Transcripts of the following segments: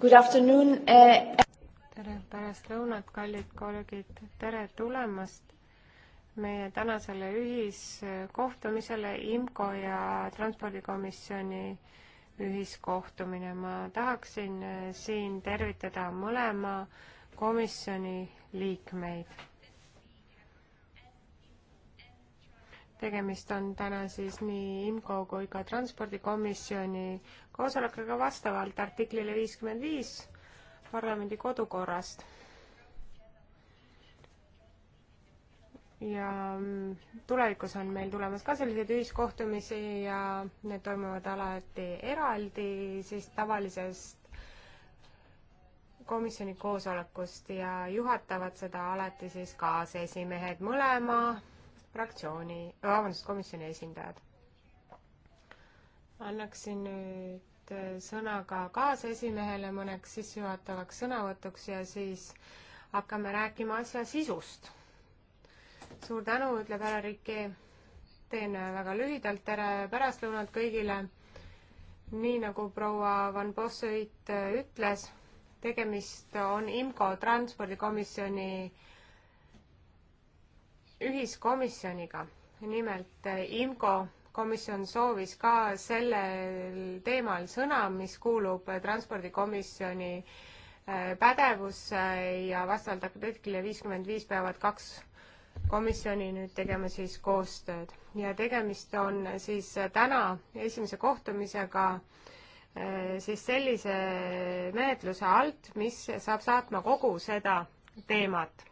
Good afternoon uh.... tere pärastlõunat, kallid kolleegid, tere tulemast meie tänasele ühiskohtumisele IMCO ja Transpordikomisjoni ühiskohtumine. ma tahaksin eh, siin tervitada mõlema komisjoni liikmeid tegemist on täna siis nii IMCO kui ka Transpordikomisjoni koosolekuga vastavalt artiklile viiskümmend viis parlamendi kodukorrast. ja tulevikus on meil tulemas ka selliseid ühiskohtumisi ja need toimuvad alati eraldi siis tavalisest komisjoni koosolekust ja juhatavad seda alati siis kaasesimehed mõlema fraktsiooni, vabandust, komisjoni esindajad. annaksin nüüd äh, sõna ka kaasesimehele mõneks sissejuhatavaks sõnavõtuks ja siis hakkame rääkima asja sisust. suur tänu, ütleb härra Riki. teen väga lühidalt, tere pärastlõunat kõigile. nii nagu proua Van Bosseit äh, ütles, tegemist on IMCO transpordikomisjoni ühiskomisjoniga. nimelt eh, IMCO komisjon soovis ka sellel teemal sõna, mis kuulub transpordikomisjoni eh, pädevusse ja vastavalt artiklile viiskümmend viis peavad kaks komisjoni nüüd tegema siis koostööd ja tegemist on siis täna esimese kohtumisega eh, siis sellise menetluse alt, mis saab saatma kogu seda teemat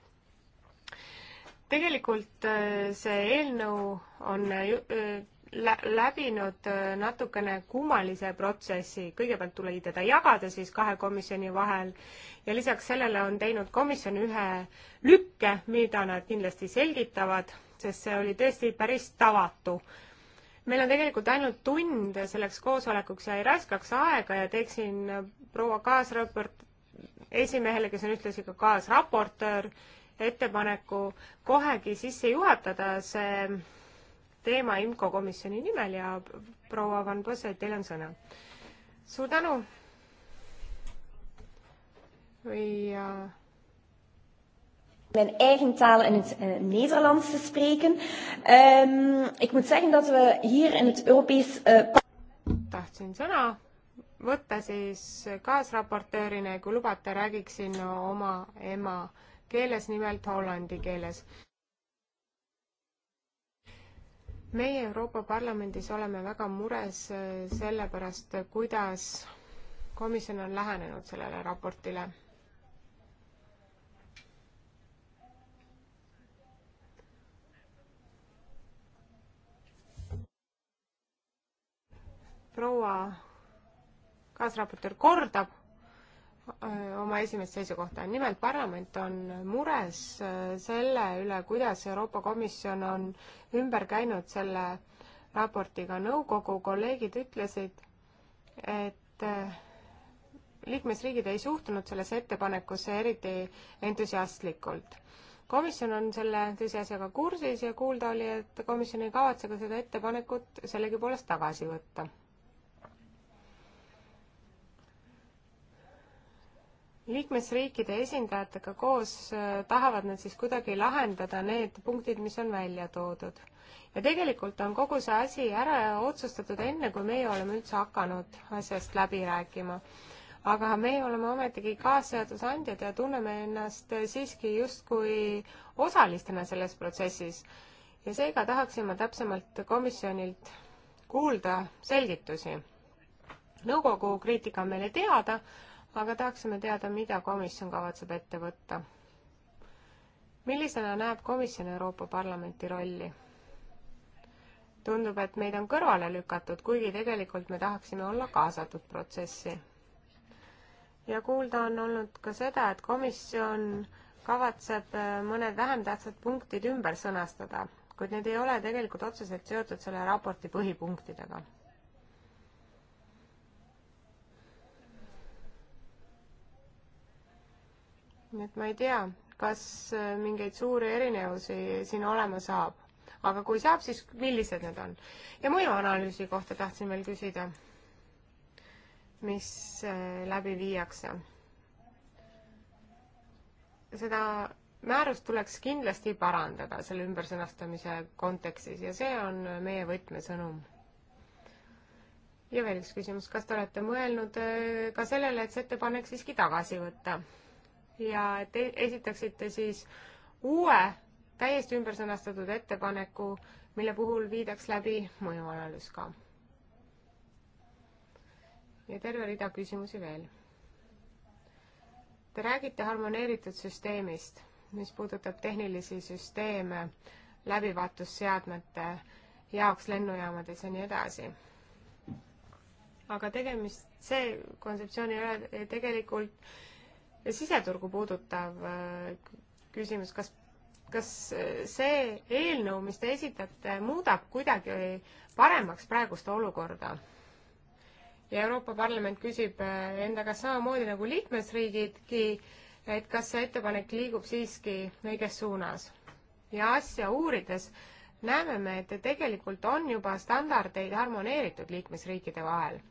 tegelikult äh, see eelnõu on äh, lä läbinud äh, natukene kummalise protsessi, kõigepealt tuli teda jagada siis kahe komisjoni vahel ja lisaks sellele on teinud komisjon ühe lükke, mida nad kindlasti selgitavad, sest see oli tõesti päris tavatu. meil on tegelikult ainult tund selleks koosolekuks ja ei raskaks aega ja teeksin proua kaasraport esimehele, kes on ühtlasi ka kaasraportöör, ettepaneku kohegi sisse juhatada see teema IMCO komisjoni nimel ja proua Van Põse, teil on sõna. suur tänu. ja mijn eigen taal in het uh, Nederlands te spreken. Um, ik moet zeggen dat we hier in het Europees uh, tahtsin sõna võtta siis kaasraportöörina ja kui lubate, räägiksin oma ema keeles, nimelt hollandi keeles. meie Euroopa Parlamendis oleme väga mures äh, selle pärast, kuidas komisjon on lähenenud sellele raportile. proua kaasraportöör kordab Äh, oma esimest seisukohta. nimelt parlament on mures äh, selle üle, kuidas Euroopa Komisjon on ümber käinud selle raportiga. nõukogu kolleegid ütlesid, et äh, liikmesriigid ei suhtunud sellesse ettepanekusse eriti entusiastlikult. komisjon on selle tõsiasjaga kursis ja kuulda oli, et komisjon ei kavatse ka seda ettepanekut sellegipoolest tagasi võtta liikmesriikide esindajatega koos äh, tahavad nad siis kuidagi lahendada need punktid, mis on välja toodud. ja tegelikult on kogu see asi ära otsustatud enne, kui meie oleme üldse hakanud asjast läbi rääkima. aga meie oleme ometigi kaasseadusandjad ja tunneme ennast siiski justkui osalistena selles protsessis. ja seega tahaksin ma täpsemalt komisjonilt kuulda selgitusi. nõukogu kriitika on meile teada aga tahaksime teada, mida komisjon kavatseb ette võtta. millisena näeb komisjon Euroopa Parlamenti rolli? tundub, et meid on kõrvale lükatud, kuigi tegelikult me tahaksime olla kaasatud protsessi. ja kuulda on olnud ka seda, et komisjon kavatseb äh, mõned vähem tähtsad punktid ümber sõnastada, kuid need ei ole tegelikult otseselt seotud selle raporti põhipunktidega nii et ma ei tea, kas äh, mingeid suuri erinevusi siin olema saab. aga kui saab, siis millised need on? ja mõjuanalüüsi kohta tahtsin veel küsida, mis äh, läbi viiakse. seda määrust tuleks kindlasti parandada selle ümbersõnastamise kontekstis ja see on meie võtmesõnum. ja veel üks küsimus, kas te olete mõelnud äh, ka sellele, et see ettepanek siiski tagasi võtta? ja te esitaksite siis uue, täiesti ümbersõnastatud ettepaneku, mille puhul viidaks läbi mõjuanalüüs ka. ja terve rida küsimusi veel. Te räägite harmoneeritud süsteemist, mis puudutab tehnilisi süsteeme, läbivaatusseadmete jaoks lennujaamades ja nii edasi. aga tegemist, see kontseptsioon ei ole tegelikult siseturgu puudutav äh, küsimus, kas, kas äh, see eelnõu, mis te esitate, muudab kuidagi paremaks praegust olukorda? ja Euroopa Parlament küsib äh, enda käest samamoodi nagu liikmesriigidki, et kas see ettepanek liigub siiski õiges suunas. ja asja uurides näeme me, et tegelikult on juba standardeid harmoneeritud liikmesriikide vahel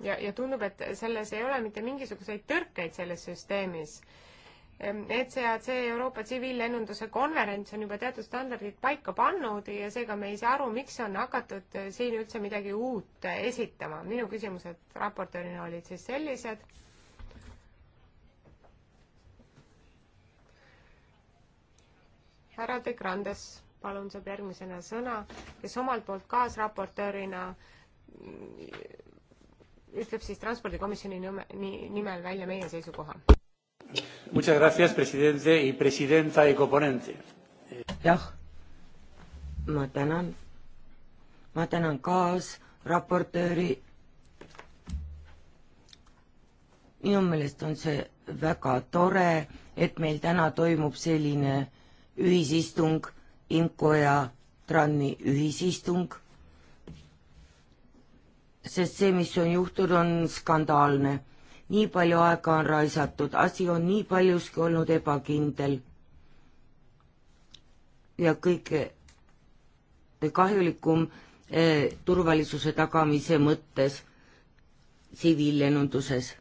ja, ja tundub, et selles ei ole mitte mingisuguseid tõrkeid selles süsteemis. ECAC ehm, e Euroopa tsiviillennunduse konverents on juba teatud standardid paika pannud ja seega me ei saa aru, miks on hakatud eh, siin üldse midagi uut eh, esitama. minu küsimused raportöörina olid siis sellised. härra De Grandes, palun, saab järgmisena sõna, kes omalt poolt kaasraportöörina ütleb siis transpordikomisjoni nimel välja meie seisukoha. jah, ma tänan, ma tänan kaasraportööri. minu meelest on see väga tore, et meil täna toimub selline ühisistung, IMCO ja TRAN-i ühisistung sest see, mis on juhtunud, on skandaalne. nii palju aega on raisatud, asi on nii paljuski olnud ebakindel. ja kõige kahjulikum eh, turvalisuse tagamise mõttes tsiviillennunduses.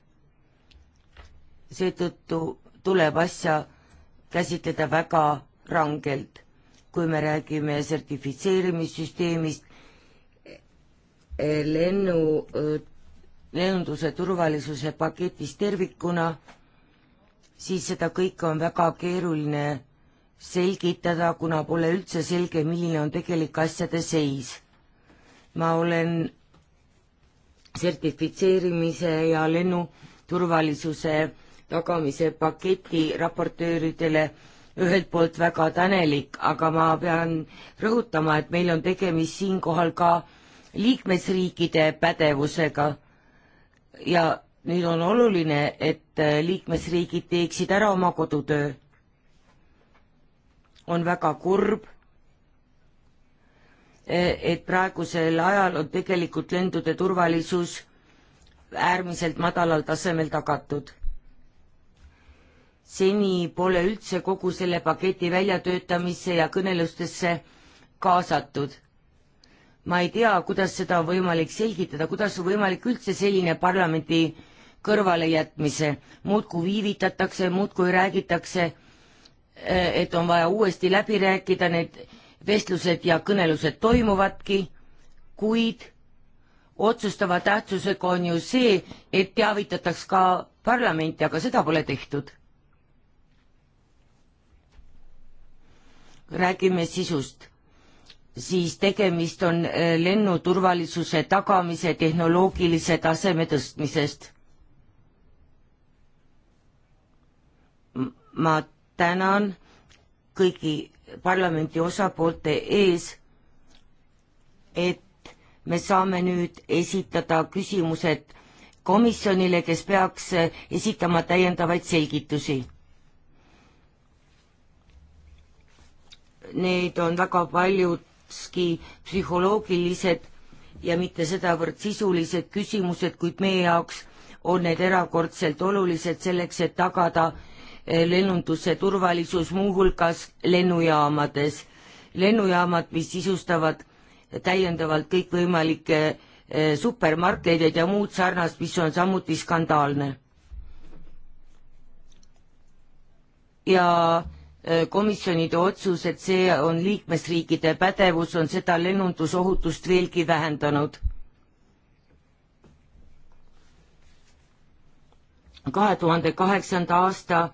seetõttu tuleb asja käsitleda väga rangelt. kui me räägime sertifitseerimissüsteemist, lennu, lennunduse turvalisuse paketis tervikuna, siis seda kõike on väga keeruline selgitada, kuna pole üldse selge, milline on tegelik asjade seis. ma olen sertifitseerimise ja lennuturvalisuse tagamise paketi raportööridele ühelt poolt väga tänelik, aga ma pean rõhutama, et meil on tegemist siinkohal ka liikmesriikide pädevusega ja nüüd on oluline, et äh, liikmesriigid teeksid ära oma kodutöö. on väga kurb, äh, et praegusel ajal on tegelikult lendude turvalisus äärmiselt madalal tasemel tagatud. seni pole üldse kogu selle paketi väljatöötamisse ja kõnelustesse kaasatud ma ei tea, kuidas seda on võimalik selgitada, kuidas on võimalik üldse selline parlamendi kõrvalejätmise, muudkui viivitatakse, muudkui räägitakse, eh, et on vaja uuesti läbi rääkida, need vestlused ja kõnelused toimuvadki, kuid otsustava tähtsusega on ju see, et teavitataks ka parlamenti, aga seda pole tehtud. räägime sisust siis tegemist on äh, lennuturvalisuse tagamise tehnoloogilise taseme tõstmisest. ma tänan kõigi parlamendi osapoolte ees, et me saame nüüd esitada küsimused komisjonile, kes peaks äh, esitama täiendavaid selgitusi neid on väga paljud hoopiski psühholoogilised ja mitte sedavõrd sisulised küsimused, kuid meie jaoks on need erakordselt olulised selleks, et tagada eh, lennunduse turvalisus muuhulgas lennujaamades. lennujaamad, mis sisustavad täiendavalt kõikvõimalikke eh, supermarketeid ja muud sarnast, mis on samuti skandaalne. ja komisjonide otsus, et see on liikmesriikide pädevus, on seda lennundusohutust veelgi vähendanud. kahe tuhande kaheksanda aasta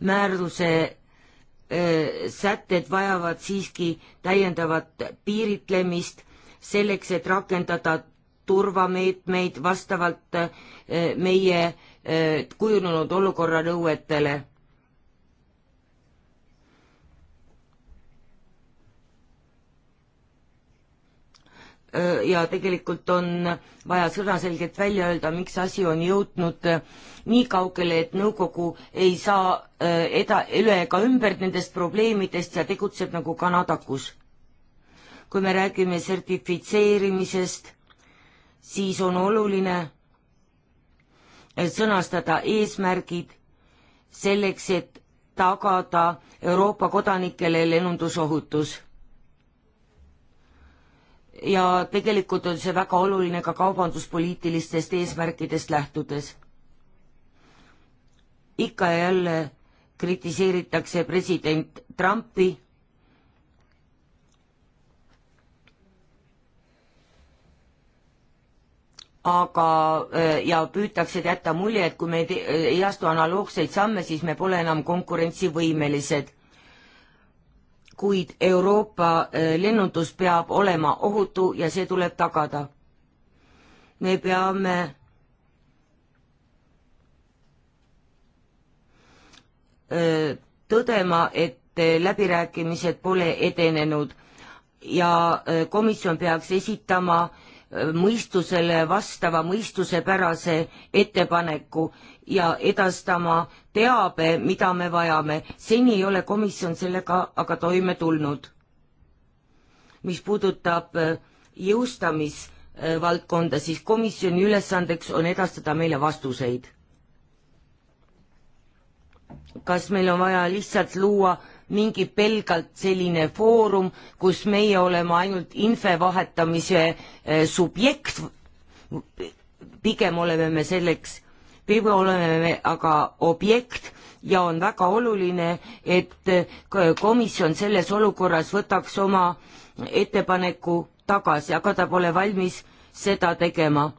määruse äh, sätted vajavad siiski täiendavat piiritlemist selleks, et rakendada turvameetmeid vastavalt äh, meie äh, kujunenud olukorra nõuetele Äh, ja tegelikult on vaja sõnaselgelt välja öelda, miks asi on jõudnud äh, nii kaugele, et nõukogu ei saa äh, eda-, üle ega ümber nendest probleemidest ja tegutseb nagu kanadakus. kui me räägime sertifitseerimisest, siis on oluline sõnastada eesmärgid selleks, et tagada Euroopa kodanikele lennundusohutus ja tegelikult on see väga oluline ka kaubanduspoliitilistest eesmärkidest lähtudes. ikka ja jälle kritiseeritakse president Trumpi aga eh, ja püütakse jätta mulje, et kui me eh, ei astu analoogseid samme, siis me pole enam konkurentsivõimelised kuid Euroopa eh, lennundus peab olema ohutu ja see tuleb tagada. me peame eh, tõdema, et eh, läbirääkimised pole edenenud ja komisjon peaks esitama mõistusele vastava mõistusepärase ettepaneku ja edastama teabe, mida me vajame. seni ei ole komisjon sellega aga toime tulnud. mis puudutab äh, jõustamisvaldkonda, äh, siis komisjoni ülesandeks on edastada meile vastuseid. kas meil on vaja lihtsalt luua mingi pelgalt selline foorum, kus meie oleme ainult info vahetamise äh, subjekt, pigem oleme me selleks peame olema me aga objekt ja on väga oluline, et komisjon selles olukorras võtaks oma ettepaneku tagasi, aga ta pole valmis seda tegema.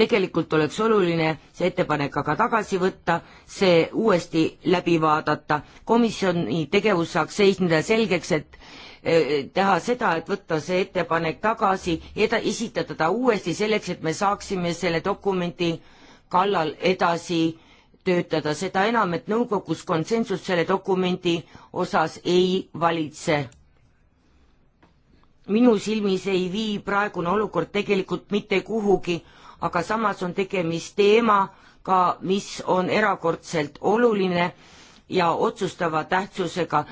tegelikult oleks oluline see ettepanek aga tagasi võtta, see uuesti läbi vaadata, komisjoni tegevus saaks seisneda selgeks, et e, teha seda, et võtta see ettepanek tagasi, esitada ta uuesti selleks, et me saaksime selle dokumendi äh, kallal edasi töötada, seda enam, et nõukogus konsensus selle dokumendi osas ei valitse. minu silmis ei vii praegune olukord tegelikult mitte kuhugi, aga samas on tegemist teemaga, mis on erakordselt oluline ja otsustava tähtsusega,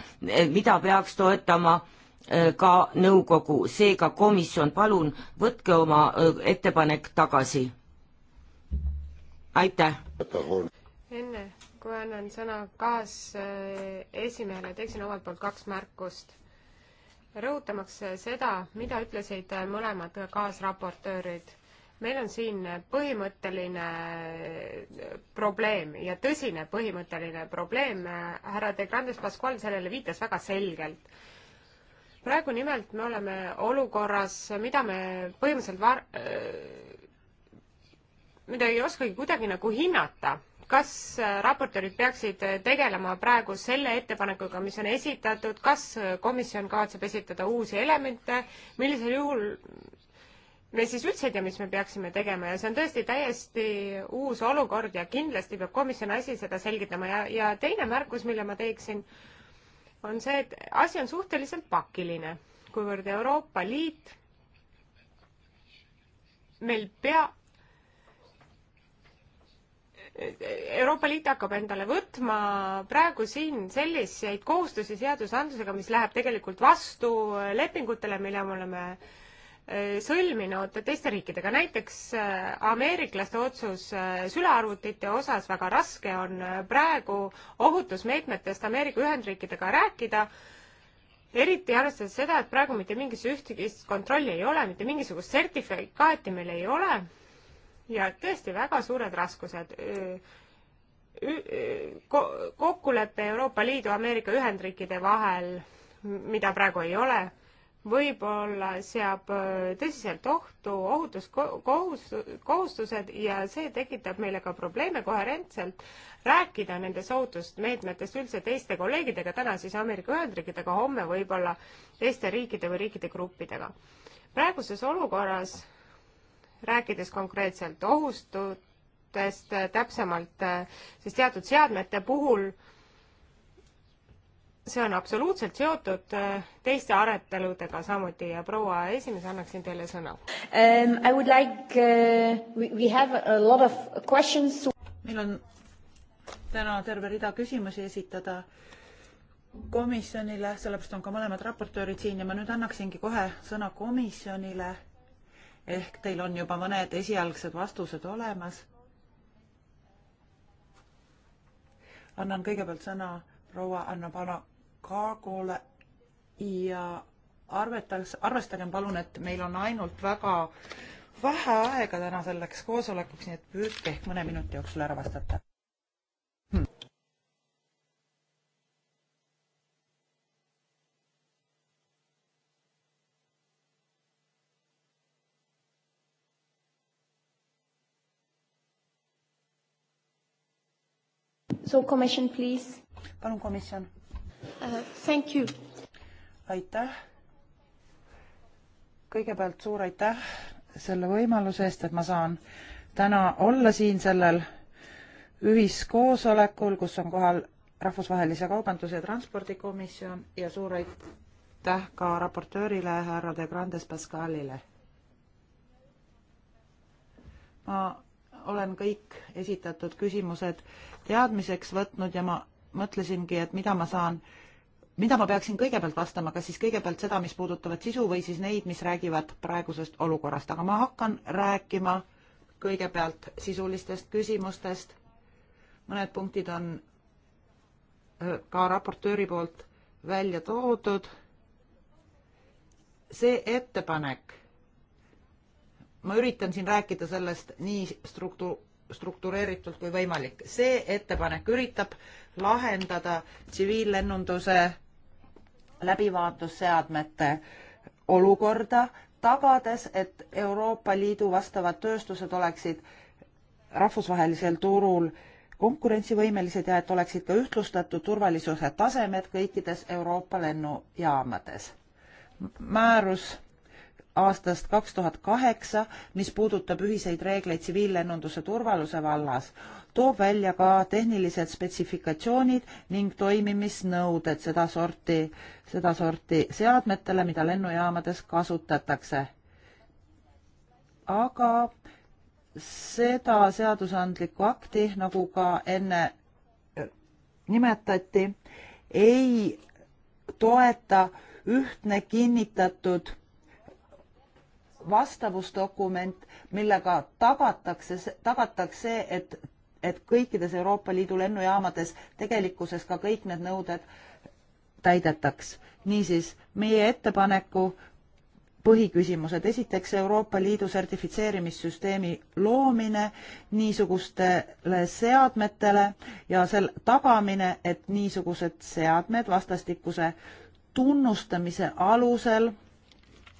mida peaks toetama äh, ka nõukogu, seega komisjon, palun võtke oma äh, ettepanek tagasi aitäh! enne kui annan sõna kaasesimehele, teeksin omalt poolt kaks märkust. rõhutamaks seda, mida ütlesid mõlemad kaasraportöörid meil on siin põhimõtteline probleem ja tõsine põhimõtteline probleem, härra De Grandes Pascual sellele viitas väga selgelt. praegu nimelt me oleme olukorras, mida me põhimõtteliselt var-, mida ei oskagi kuidagi nagu hinnata, kas äh, raportöörid peaksid äh, tegelema praegu selle ettepanekuga, mis on esitatud, kas äh, komisjon kavatseb esitada uusi elemente, millisel juhul me siis üldse ei tea, mis me peaksime tegema ja see on tõesti täiesti uus olukord ja kindlasti peab komisjon asi seda selgitama ja, ja teine märkus, mille ma teeksin, on see, et asi on suhteliselt pakiline, kuivõrd Euroopa Liit meil pea, Euroopa Liit hakkab endale võtma praegu siin selliseid kohustusi seadusandlusega, mis läheb tegelikult vastu lepingutele, mille me oleme äh, sõlminud teiste riikidega, näiteks äh, ameeriklaste otsus äh, sülearvutite osas, väga raske on praegu ohutusmeetmetest Ameerika Ühendriikidega rääkida, eriti arvestades seda, et praegu mitte mingisugust ühtegi kontrolli ei ole, mitte mingisugust sertifikaati meil ei ole ja tõesti väga suured raskused ko-, kokkulepe Euroopa Liidu, Ameerika Ühendriikide vahel, mida praegu ei ole, võib-olla seab tõsiselt ohtu ohutuskohus, kohustused ja see tekitab meile ka probleeme koherentselt rääkida nendest ohutusmeetmetest üldse teiste kolleegidega, täna siis Ameerika Ühendriikidega, homme võib-olla teiste riikide või riikide gruppidega. praeguses olukorras rääkides konkreetselt ohustutest täpsemalt, siis teatud seadmete puhul see on absoluutselt seotud äh, teiste aruteludega samuti ja proua esimees, annaksin teile sõna um,. I would like uh,, we, we have a lot of questions. meil on täna terve rida küsimusi esitada komisjonile, sellepärast on ka mõlemad raportöörid siin ja ma nüüd annaksingi kohe sõna komisjonile ehk teil on juba mõned esialgsed vastused olemas. annan kõigepealt sõna proua Anna Pala Kaagole ja arvetas, arvestagem palun, et meil on ainult väga vähe aega täna selleks koosolekuks, nii et püüdke ehk mõne minuti jooksul ära vastata. So commission, please. palun, komisjon uh,. Thank you. aitäh. kõigepealt suur aitäh selle võimaluse eest, et ma saan täna olla siin sellel ühiskoosolekul, kus on kohal Rahvusvahelise Kaubanduse ja Transpordikomisjon ja suur aitäh ka raportöörile härra De Grandes Pascalile. ma olen kõik esitatud küsimused teadmiseks võtnud ja ma mõtlesingi, et mida ma saan, mida ma peaksin kõigepealt vastama, kas siis kõigepealt seda, mis puudutavad sisu või siis neid, mis räägivad praegusest olukorrast, aga ma hakkan rääkima kõigepealt sisulistest küsimustest. mõned punktid on ka raportööri poolt välja toodud. see ettepanek ma üritan siin rääkida sellest nii struktu-, struktureeritult kui võimalik. see ettepanek üritab lahendada tsiviillennunduse läbivaatusseadmete olukorda, tagades, et Euroopa Liidu vastavad tööstused oleksid rahvusvahelisel turul konkurentsivõimelised ja et oleksid ka ühtlustatud turvalisuse tasemed kõikides Euroopa lennujaamades. määrus aastast kaks tuhat kaheksa, mis puudutab ühiseid reegleid tsiviillennunduse turvaluse vallas, toob välja ka tehnilised spetsifikatsioonid ning toimimisnõuded sedasorti, sedasorti seadmetele, mida lennujaamades kasutatakse. aga seda seadusandlikku akti, nagu ka enne äh, nimetati, ei toeta ühtne kinnitatud vastavusdokument, millega tagatakse, tagatakse, et, et kõikides Euroopa Liidu lennujaamades tegelikkuses ka kõik need nõuded täidetaks. niisiis, meie ettepaneku põhiküsimused. esiteks Euroopa Liidu sertifitseerimissüsteemi loomine niisugustele seadmetele ja sel tagamine, et niisugused seadmed vastastikuse tunnustamise alusel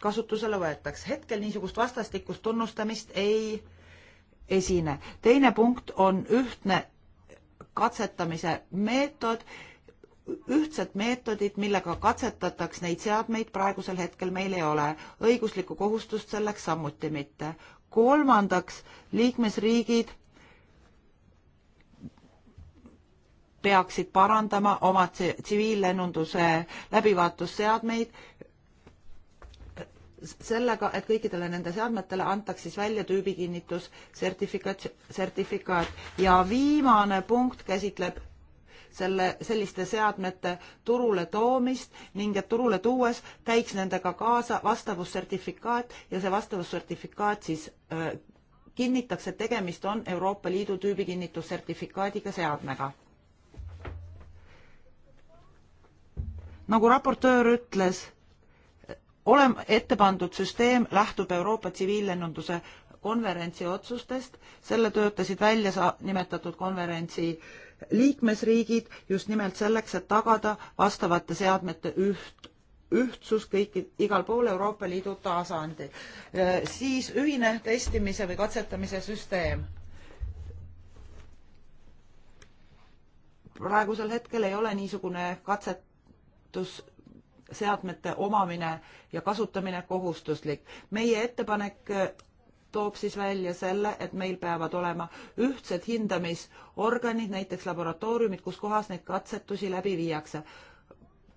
kasutusele võetaks. hetkel niisugust vastastikust tunnustamist ei esine. teine punkt on ühtne katsetamise meetod, ühtsed meetodid, millega katsetataks neid seadmeid, praegusel hetkel meil ei ole. õiguslikku kohustust selleks samuti mitte. kolmandaks, liikmesriigid peaksid parandama oma tsiviillennunduse läbivaatusseadmeid sellega, et kõikidele nende seadmetele antaks siis välja tüübikinnitus sertifikaat, sertifikaat ja viimane punkt käsitleb selle, selliste seadmete turule toomist ning et turule tuues käiks nendega kaasa vastavussertifikaat ja see vastavussertifikaat siis öö, kinnitaks, et tegemist on Euroopa Liidu tüübikinnitussertifikaadiga seadmega. nagu raportöör ütles olema ette pandud süsteem lähtub Euroopa tsiviillennunduse konverentsi otsustest, selle töötasid välja sa-, nimetatud konverentsi liikmesriigid just nimelt selleks, et tagada vastavate seadmete üht, ühtsus kõiki, igal pool Euroopa Liidu tasandil. siis ühine testimise või katsetamise süsteem. praegusel hetkel ei ole niisugune katsetus seadmete omamine ja kasutamine kohustuslik. meie ettepanek äh, toob siis välja selle, et meil peavad olema ühtsed hindamisorganid, näiteks laboratooriumid, kus kohas neid katsetusi läbi viiakse.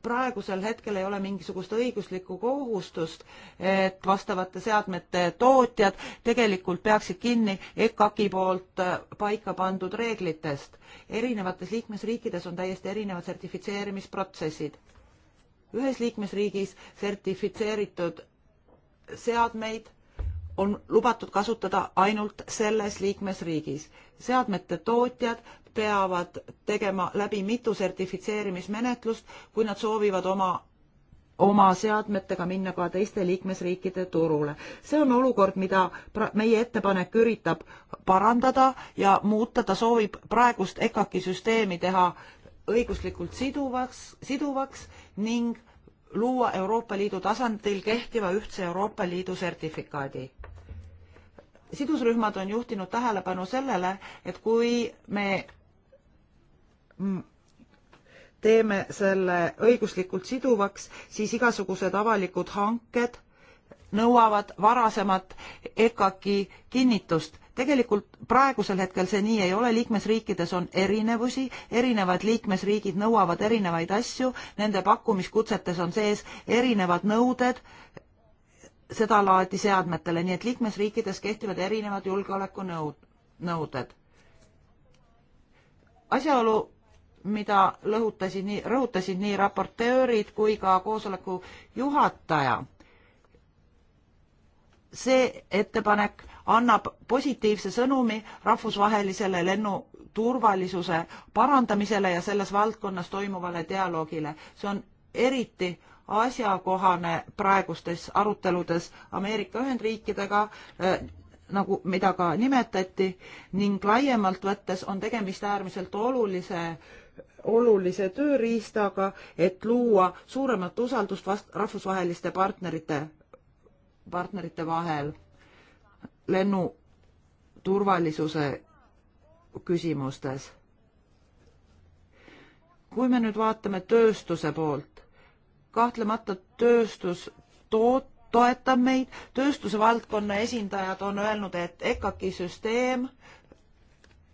praegusel hetkel ei ole mingisugust õiguslikku kohustust, et vastavate seadmete tootjad tegelikult peaksid kinni EKAK-i poolt äh, paika pandud reeglitest. erinevates liikmesriikides on täiesti erinevad sertifitseerimisprotsessid ühes liikmesriigis sertifitseeritud seadmeid on lubatud kasutada ainult selles liikmesriigis. seadmete tootjad peavad tegema läbi mitu sertifitseerimismenetlust, kui nad soovivad oma oma seadmetega minna ka teiste liikmesriikide turule. see on olukord, mida meie ettepanek üritab parandada ja muuta, ta soovib praegust EKAK-i süsteemi teha õiguslikult siduvaks, siduvaks ning luua Euroopa Liidu tasandil kehtiva ühtse Euroopa Liidu sertifikaadi. sidusrühmad on juhtinud tähelepanu sellele, et kui me teeme selle õiguslikult siduvaks, siis igasugused avalikud hanked nõuavad varasemat EKAK-i kinnitust tegelikult praegusel hetkel see nii ei ole, liikmesriikides on erinevusi, erinevad liikmesriigid nõuavad erinevaid asju, nende pakkumiskutsetes on sees erinevad nõuded sedalaadi seadmetele, nii et liikmesriikides kehtivad erinevad julgeolekunõud, nõuded. asjaolu, mida lõhutasid nii, rõhutasid nii raportöörid kui ka koosoleku juhataja, see ettepanek annab positiivse sõnumi rahvusvahelisele lennuturvalisuse parandamisele ja selles valdkonnas toimuvale dialoogile. see on eriti asjakohane praegustes aruteludes Ameerika Ühendriikidega äh,, nagu, mida ka nimetati, ning laiemalt võttes on tegemist äärmiselt olulise olulise tööriistaga, et luua suuremat usaldust vast-, rahvusvaheliste partnerite, partnerite vahel lennuturvalisuse küsimustes. kui me nüüd vaatame tööstuse poolt, kahtlemata tööstus toot-, toetab meid, tööstuse valdkonna esindajad on öelnud, et EKAK-i süsteem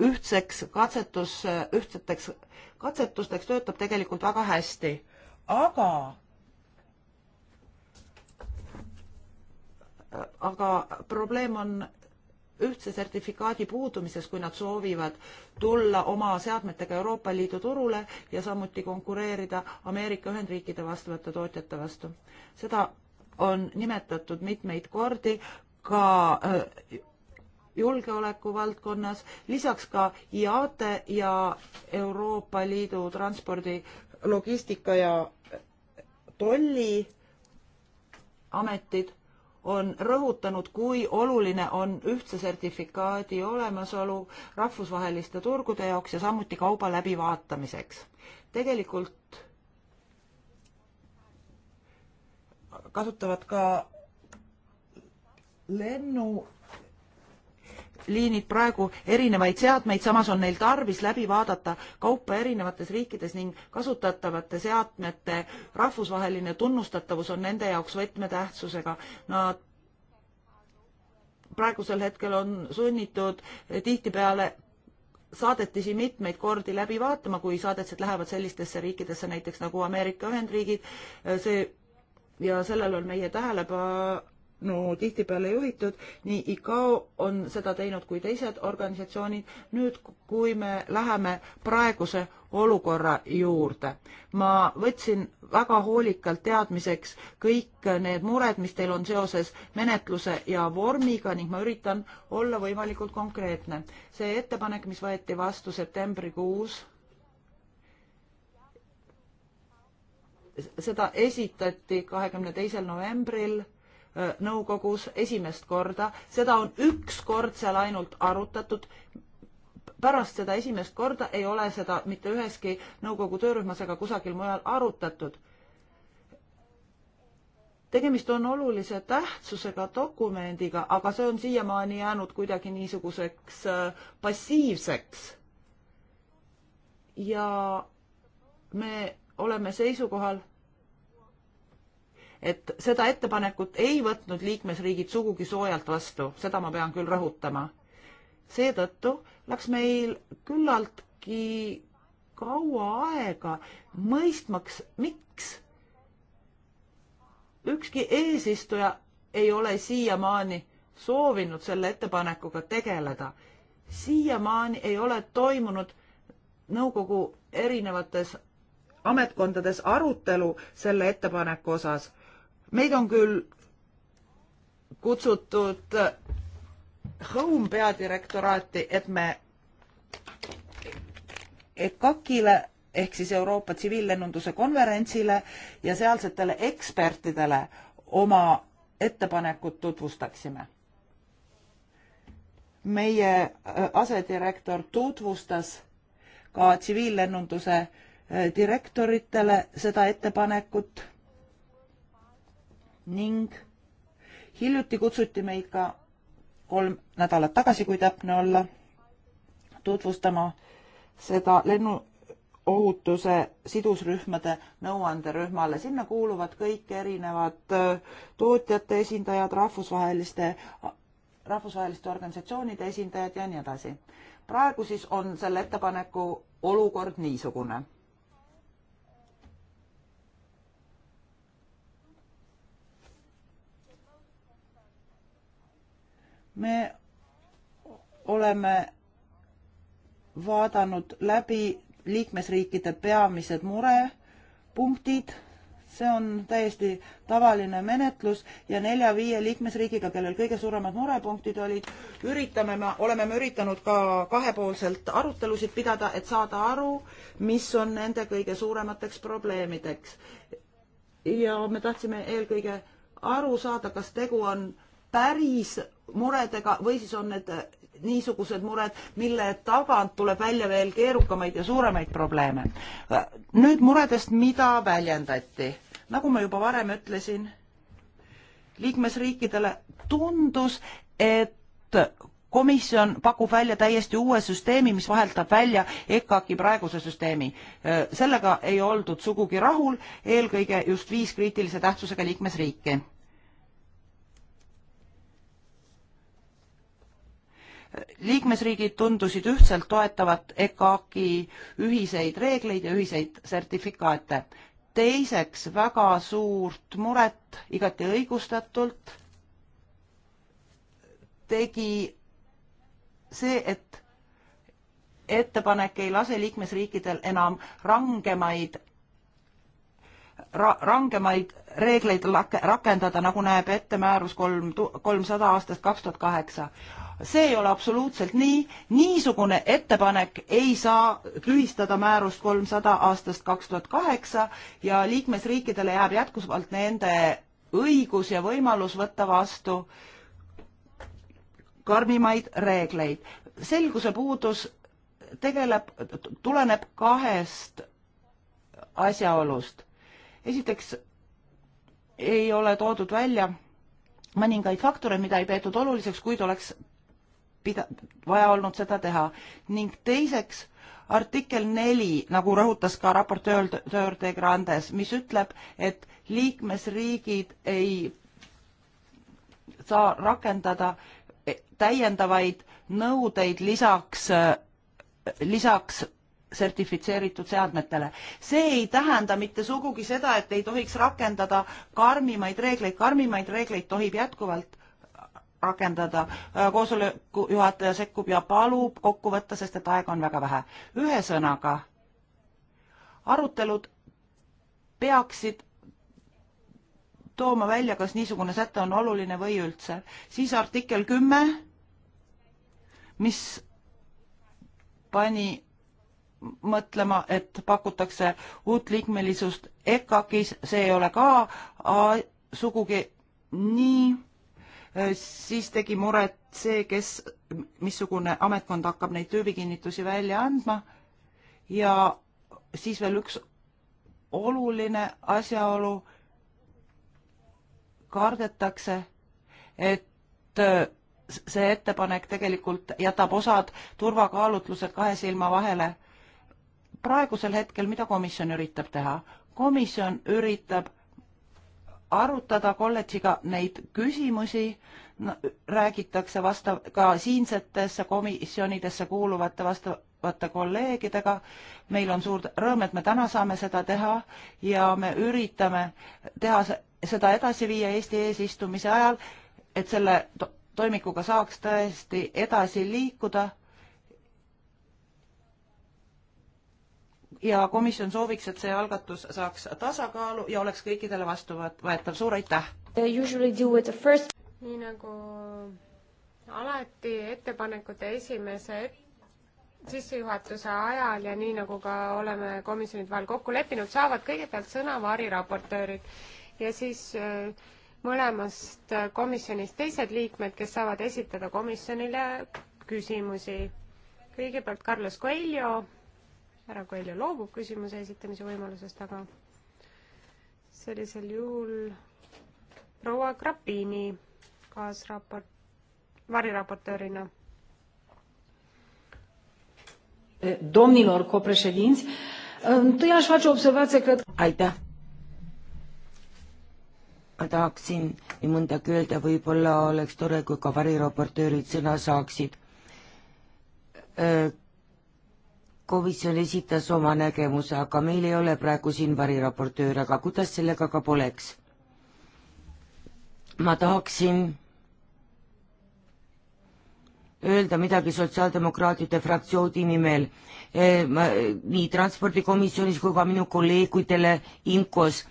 ühtseks katsetus, ühtseteks katsetusteks töötab tegelikult väga hästi, aga aga probleem on ühtse sertifikaadi puudumises, kui nad soovivad tulla oma seadmetega Euroopa Liidu turule ja samuti konkureerida Ameerika Ühendriikide vastavate tootjate vastu. seda on nimetatud mitmeid kordi ka äh, julgeoleku valdkonnas, lisaks ka IATE ja Euroopa Liidu transpordi logistika ja äh, tolliametid on rõhutanud, kui oluline on ühtse sertifikaadi olemasolu rahvusvaheliste turgude jaoks ja samuti kauba läbivaatamiseks. tegelikult kasutavad ka lennu liinid praegu erinevaid seadmeid, samas on neil tarvis läbi vaadata kaupa erinevates riikides ning kasutatavate seadmete rahvusvaheline tunnustatavus on nende jaoks võtmetähtsusega. Nad praegusel hetkel on sunnitud tihtipeale saadetisi mitmeid kordi läbi vaatama, kui saadetised lähevad sellistesse riikidesse, näiteks nagu Ameerika Ühendriigid, see ja sellel on meie tähelepa-, no tihtipeale juhitud, nii ICAO on seda teinud kui teised organisatsioonid. nüüd, kui me läheme praeguse olukorra juurde, ma võtsin väga hoolikalt teadmiseks kõik need mured, mis teil on seoses menetluse ja vormiga ning ma üritan olla võimalikult konkreetne. see ettepanek, mis võeti vastu septembrikuus, seda esitati kahekümne teisel novembril nõukogus esimest korda, seda on üks kord seal ainult arutatud. pärast seda esimest korda ei ole seda mitte üheski nõukogu töörühmas ega kusagil mujal arutatud. tegemist on olulise tähtsusega dokumendiga, aga see on siiamaani jäänud kuidagi niisuguseks äh, passiivseks. ja me oleme seisukohal et seda ettepanekut ei võtnud liikmesriigid sugugi soojalt vastu, seda ma pean küll rõhutama. seetõttu läks meil küllaltki kaua aega mõistmaks, miks ükski eesistuja ei ole siiamaani soovinud selle ettepanekuga tegeleda. siiamaani ei ole toimunud nõukogu erinevates ametkondades arutelu selle ettepaneku osas meid on küll kutsutud Home peadirektoraati, et me EKAK-ile ehk siis Euroopa tsiviillennunduse konverentsile ja sealsetele ekspertidele oma ettepanekut tutvustaksime. meie äh, asedirektor tutvustas ka tsiviillennunduse äh, direktoritele seda ettepanekut ning hiljuti kutsuti meid ka kolm nädalat tagasi, kui täpne olla, tutvustama seda lennuohutuse sidusrühmade nõuanderühmale. sinna kuuluvad kõik erinevad äh, tootjate esindajad, rahvusvaheliste, rahvusvaheliste organisatsioonide esindajad ja nii edasi. praegu siis on selle ettepaneku olukord niisugune me oleme vaadanud läbi liikmesriikide peamised murepunktid, see on täiesti tavaline menetlus ja nelja-viie liikmesriigiga, kellel kõige suuremad murepunktid olid, üritame me, oleme me üritanud ka kahepoolselt arutelusid pidada, et saada aru, mis on nende kõige suuremateks probleemideks. ja me tahtsime eelkõige aru saada, kas tegu on päris muredega või siis on need äh, niisugused mured, mille tagant tuleb välja veel keerukamaid ja suuremaid probleeme. nüüd muredest, mida väljendati. nagu ma juba varem ütlesin, liikmesriikidele tundus, et komisjon pakub välja täiesti uue süsteemi, mis vaheldab välja EKAK-i praeguse süsteemi. Äh, sellega ei oldud sugugi rahul, eelkõige just viis kriitilise tähtsusega liikmesriiki liikmesriigid tundusid ühtselt toetavat EKAK-i ühiseid reegleid ja ühiseid sertifikaate. teiseks, väga suurt muret igati õigustatult tegi see, et ettepanek ei lase liikmesriikidel enam rangemaid ra-, rangemaid reegleid lak-, rakendada, nagu näeb ette määrus kolm tu-, kolmsada aastast kaks tuhat kaheksa. see ei ole absoluutselt nii, niisugune ettepanek ei saa tühistada määrust kolmsada aastast kaks tuhat kaheksa ja liikmesriikidele jääb jätkuvalt nende õigus ja võimalus võtta vastu karmimaid reegleid. selguse puudus tegeleb, tuleneb kahest asjaolust esiteks ei ole toodud välja mõningaid faktoreid, mida ei peetud oluliseks, kuid oleks pida-, vaja olnud seda teha. ning teiseks, artikkel neli, nagu rõhutas ka raportöör, töör de Grandes, mis ütleb, et liikmesriigid ei saa rakendada täiendavaid nõudeid lisaks, lisaks sertifitseeritud seadmetele. see ei tähenda mitte sugugi seda, et ei tohiks rakendada karmimaid reegleid, karmimaid reegleid tohib jätkuvalt rakendada. koosoleku juhataja sekkub ja palub kokku võtta, sest et aega on väga vähe. ühesõnaga, arutelud peaksid tooma välja, kas niisugune säte on oluline või üldse. siis artikkel kümme, mis pani mõtlema, et pakutakse uut liikmelisust EKAK-is, see ei ole ka sugugi nii, siis tegi muret see, kes, missugune ametkond hakkab neid tüübikinnitusi välja andma ja siis veel üks oluline asjaolu, kardetakse, et see ettepanek tegelikult jätab osad turvakaalutlused kahe silma vahele praegusel hetkel, mida komisjon üritab teha? komisjon üritab arutada kolledžiga neid küsimusi no,, räägitakse vastav, ka siinsetesse komisjonidesse kuuluvate vastavate kolleegidega. meil on suur rõõm, et me täna saame seda teha ja me üritame teha seda edasi viia Eesti eesistumise ajal, et selle toimikuga saaks tõesti edasi liikuda ja komisjon sooviks, et see algatus saaks tasakaalu ja oleks kõikidele vastuvõetav. suur aitäh! nii nagu alati ettepanekute esimese et sissejuhatuse ajal ja nii nagu ka oleme komisjonid vahel kokku leppinud, saavad kõigepealt sõna variraportöörid ja siis äh, mõlemast komisjonist teised liikmed, kes saavad esitada komisjonile küsimusi. kõigepealt Carlos Coelho härra Koeljo loobub küsimuse esitamise võimalusest, aga sellisel juhul proua Krapini kaasraport, variraportöörina. Domnilor copreședinți, întâi aș face o observație, cred că... Aitäh! ma tahaksin nii mõndagi öelda, võib-olla oleks tore, kui ka variraportöörid sõna saaksid äh, komisjon esitas oma nägemuse, aga meil ei ole praegu siin variraportöör, aga kuidas sellega ka poleks? ma tahaksin öelda midagi sotsiaaldemokraatide fraktsiooni nimel e, nii transpordikomisjonis kui ka minu kolleegidele IMCO-s.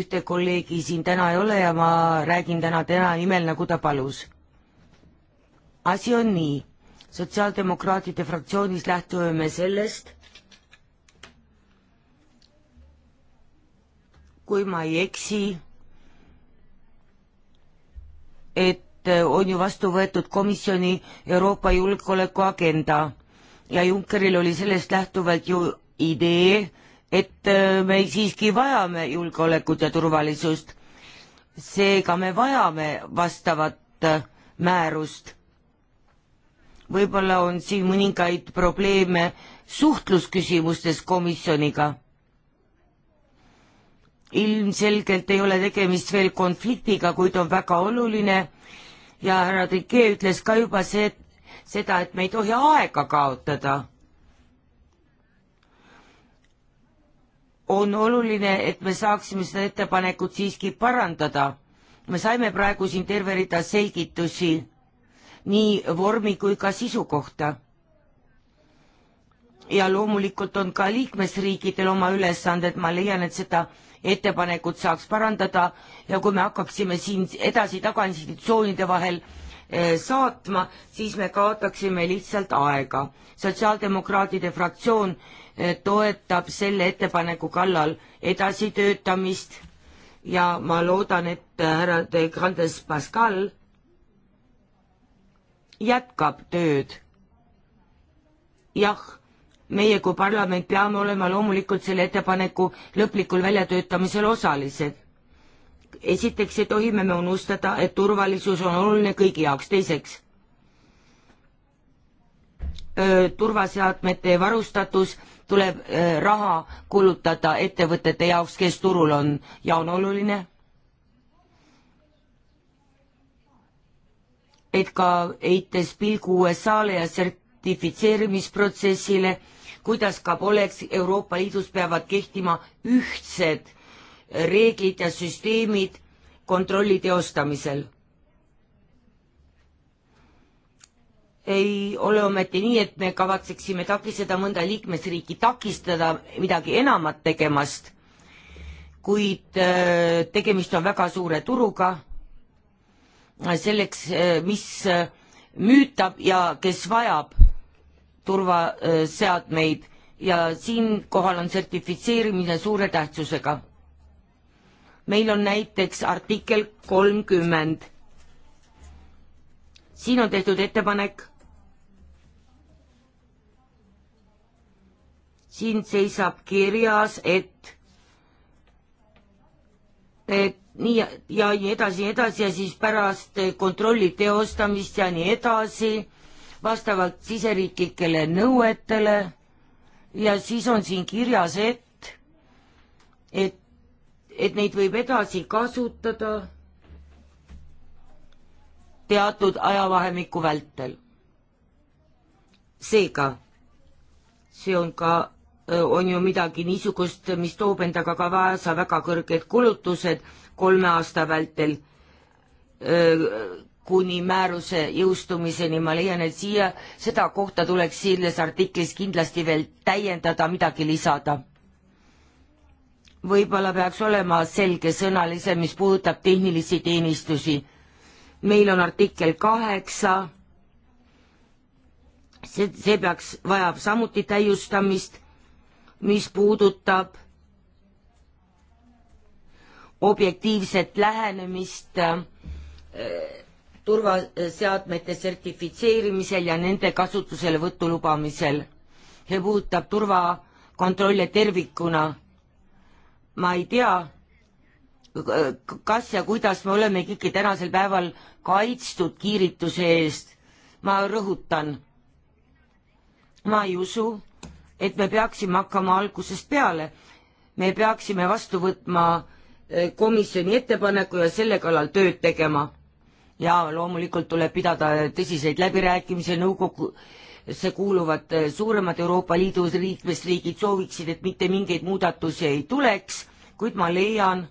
ühte kolleegi siin täna ei ole ja ma räägin täna tema nimel, nagu ta palus. asi on nii sotsiaaldemokraatide fraktsioonis lähtume me sellest, kui ma ei eksi, et äh, on ju vastu võetud komisjoni Euroopa julgeolekuagenda ja Junckeril oli sellest lähtuvalt ju idee, et äh, me siiski vajame julgeolekut ja turvalisust. seega me vajame vastavat äh, määrust võib-olla on siin mõningaid probleeme suhtlusküsimustes komisjoniga. ilmselgelt ei ole tegemist veel konfliktiga, kuid on väga oluline ja härra Trikee ütles ka juba see, seda, et me ei tohi aega kaotada. on oluline, et me saaksime seda ettepanekut siiski parandada. me saime praegu siin terve rida selgitusi nii vormi kui ka sisu kohta. ja loomulikult on ka liikmesriikidel oma ülesanded, ma leian, et seda ettepanekut saaks parandada ja kui me hakkaksime siin edasi-tagasi institutsioonide vahel eh, saatma, siis me kaotaksime lihtsalt aega. sotsiaaldemokraatide fraktsioon eh, toetab selle ettepaneku kallal edasitöötamist ja ma loodan, et eh, härra de Grandes Pascal jätkab tööd. jah, meie kui parlament peame olema loomulikult selle ettepaneku lõplikul väljatöötamisel osalised. esiteks ei tohi me unustada, et turvalisus on oluline kõigi jaoks, teiseks turvaseadmete varustatus tuleb raha kulutada ettevõtete jaoks, kes turul on ja on oluline et ka heites pilgu USA-le ja sertifitseerimisprotsessile, kuidas ka poleks, Euroopa Liidus peavad kehtima ühtsed reeglid ja süsteemid kontrolli teostamisel. ei ole ometi nii, et me kavatseksime takistada mõnda liikmesriiki takistada midagi enamat tegemast, kuid äh, tegemist on väga suure turuga selleks, eh, mis eh, müütab ja kes vajab turvaseadmeid ja siinkohal on sertifitseerimine suure tähtsusega. meil on näiteks artikkel kolmkümmend. siin on tehtud ettepanek. siin seisab kirjas, et, et nii ja nii edasi, nii edasi ja siis pärast kontrolli teostamist ja nii edasi, vastavalt siseriiklikele nõuetele ja siis on siin kirjas, et, et, et neid võib edasi kasutada teatud ajavahemiku vältel. seega, see on ka, on ju midagi niisugust, mis toob endaga ka kaasa väga kõrged kulutused kolme aasta vältel kuni määruse jõustumiseni, ma leian, et siia, seda kohta tuleks selles artiklis kindlasti veel täiendada, midagi lisada. võib-olla peaks olema selgesõnalisem, mis puudutab tehnilisi teenistusi. meil on artikkel kaheksa, see, see peaks, vajab samuti täiustamist, mis puudutab objektiivset lähenemist äh, turvaseadmete sertifitseerimisel ja nende kasutuselevõtu lubamisel. see puudutab turvakontrolle tervikuna. ma ei tea, kas ja kuidas me oleme ikkagi tänasel päeval kaitstud kiirituse eest. ma rõhutan, ma ei usu, et me peaksime hakkama algusest peale. me peaksime vastu võtma komisjoni ettepaneku ja selle kallal tööd tegema. ja loomulikult tuleb pidada tõsiseid läbirääkimisi, nõukogusse kuuluvad suuremad Euroopa Liidu liikmesriigid sooviksid, et mitte mingeid muudatusi ei tuleks, kuid ma leian,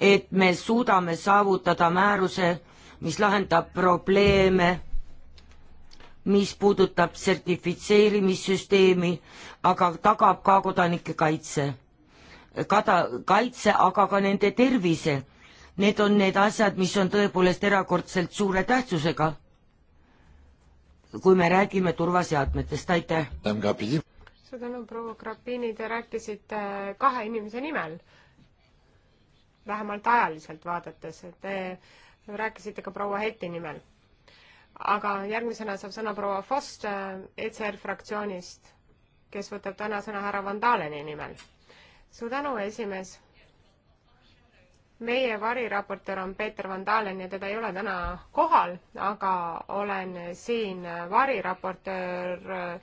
et me suudame saavutada määruse, mis lahendab probleeme mis puudutab sertifitseerimissüsteemi, aga tagab ka kodanike kaitse kada-, kaitse, aga ka nende tervise. Need on need asjad, mis on tõepoolest erakordselt suure tähtsusega. kui me räägime turvaseadmetest, aitäh! suur tänu, proua Krapini, te rääkisite kahe inimese nimel, vähemalt ajaliselt vaadates, et te rääkisite ka proua Heti nimel. aga järgmisena saab sõna proua Foss ECR fraktsioonist, kes võtab täna sõna härra Van Daleni nimel suur tänu, esimees. meie variraportöör on Peeter Van Dalen ja teda ei ole täna kohal, aga olen siin variraportöör äh,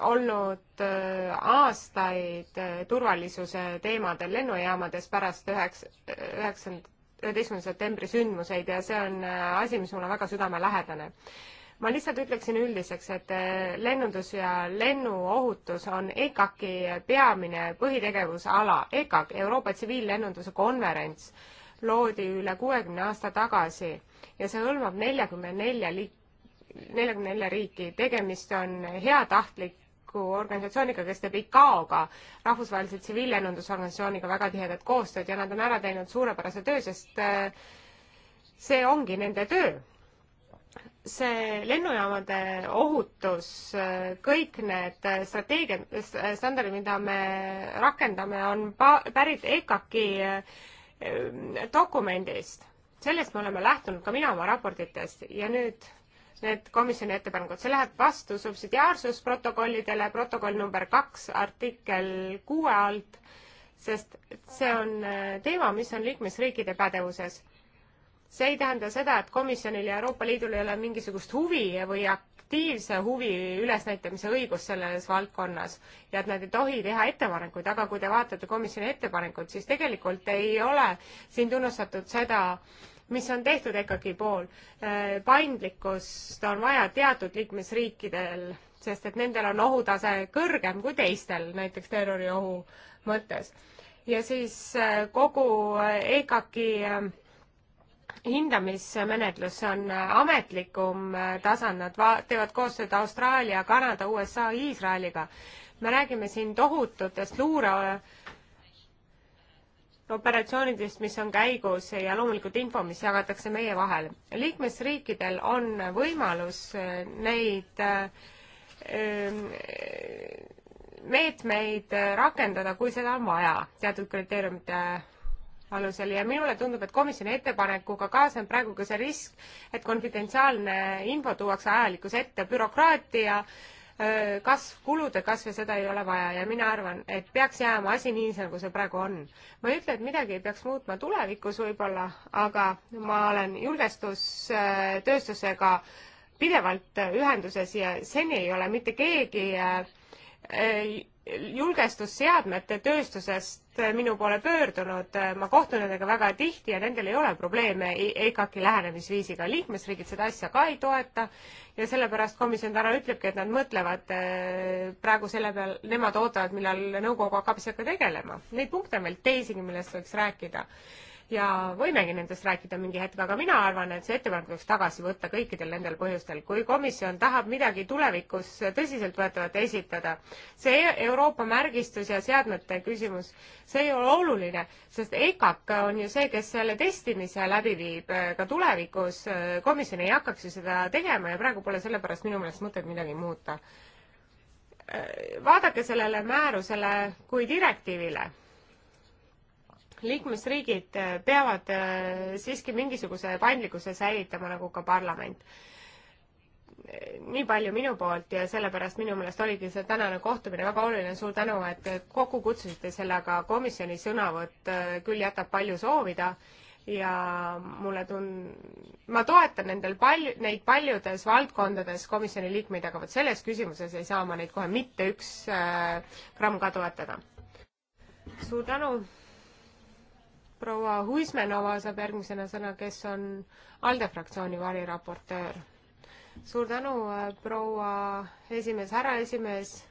olnud äh, aastaid äh, turvalisuse teemadel lennujaamades pärast üheks, üheksand-, üheteistkümnenda septembri sündmuseid ja see on asi, mis mulle väga südamelähedane ma lihtsalt ütleksin üldiseks, et eh, lennundus ja lennuohutus on EKAK-i peamine põhitegevusala. EKAK, Euroopa Tsiviillennunduse Konverents, loodi üle kuuekümne aasta tagasi ja see hõlmab neljakümne nelja liik-, neljakümne nelja riiki. tegemist on heatahtliku organisatsiooniga, kes teeb ICAO-ga, rahvusvahelise tsiviillennundusorganisatsiooniga väga tihedat koostööd ja nad on ära teinud suurepärase töö, sest eh, see ongi nende töö see lennujaamade ohutus, kõik need strateegiad, standardid, mida me rakendame, on pa-, pärit EKAK-i eh, dokumendist. sellest me oleme lähtunud ka mina oma raportitest ja nüüd need komisjoni ettepanekud, see läheb vastu subsidiaarsusprotokollidele, protokoll number kaks artikkel kuue alt, sest see on eh, teema, mis on liikmesriikide pädevuses see ei tähenda seda, et komisjonil ja Euroopa Liidul ei ole mingisugust huvi või aktiivse huvi ülesnäitamise õigus selles valdkonnas ja et nad ei tohi teha ettepanekuid, aga kui te vaatate komisjoni ettepanekut, siis tegelikult ei ole siin tunnustatud seda, mis on tehtud EKAK-i pool. paindlikkust on vaja teatud liikmesriikidel, sest et nendel on ohutase kõrgem kui teistel, näiteks terroriohu mõttes. ja siis eh, kogu eh, EKAK-i eh, hindamismenetlus on ametlikum äh, tasand, nad va-, teevad koostööd Austraalia, Kanada, USA, Iisraeliga. me räägime siin tohututest luure äh, operatsioonidest, mis on käigus ja loomulikult info, mis jagatakse meie vahel. liikmesriikidel on võimalus äh, neid ähm, meetmeid rakendada, kui seda on vaja teatud kriteeriumite alusel ja minule tundub, et komisjoni ettepanekuga kaasneb praegu ka see risk, et konfidentsiaalne info tuuakse ajalikus ette, bürokraatia kasv, kulude kasv ja seda ei ole vaja ja mina arvan, et peaks jääma asi nii, nagu see praegu on. ma ei ütle, et midagi ei peaks muutma tulevikus võib-olla, aga ma olen julgestustööstusega pidevalt ühenduses ja seni ei ole mitte keegi julgestusseadmete tööstusest Äh, minu poole pöördunud, äh, ma kohtun nendega väga tihti ja nendel ei ole probleeme EKAK-i lähenemisviisiga. liikmesriigid seda asja ka ei toeta ja sellepärast komisjon täna ütlebki, et nad mõtlevad äh, praegu selle peal, nemad ootavad, millal nõukogu hakkab asjaga tegelema. Neid punkte on veel teisigi, millest võiks rääkida ja võimegi nendest rääkida mingi hetk, aga mina arvan, et see ettepanek tuleks tagasi võtta kõikidel nendel põhjustel. kui komisjon tahab midagi tulevikus tõsiseltvõetavat esitada, see Euroopa märgistus ja seadmete küsimus, see ei ole oluline, sest EKAK on ju see, kes selle testimise läbi viib äh, ka tulevikus. Äh, komisjon ei hakkaks ju seda tegema ja praegu pole sellepärast minu meelest mõtet midagi muuta äh, vaadake sellele määrusele kui direktiivile liikmesriigid äh, peavad äh, siiski mingisuguse paindlikkuse säilitama, nagu ka parlament. nii palju minu poolt ja sellepärast minu meelest oligi see tänane kohtumine väga oluline, suur tänu, et kokku kutsusite selle, aga komisjoni sõnavõtt äh, küll jätab palju soovida ja mulle tun-, ma toetan nendel palju, neid paljudes valdkondades komisjoni liikmeid, aga vot selles küsimuses ei saa ma neid kohe mitte üks äh, gramm ka toetada. suur tänu proua Huismenova saab järgmisena sõna, kes on ALDE fraktsiooni variraportöör. suur tänu, äh, proua esimees, härra esimees.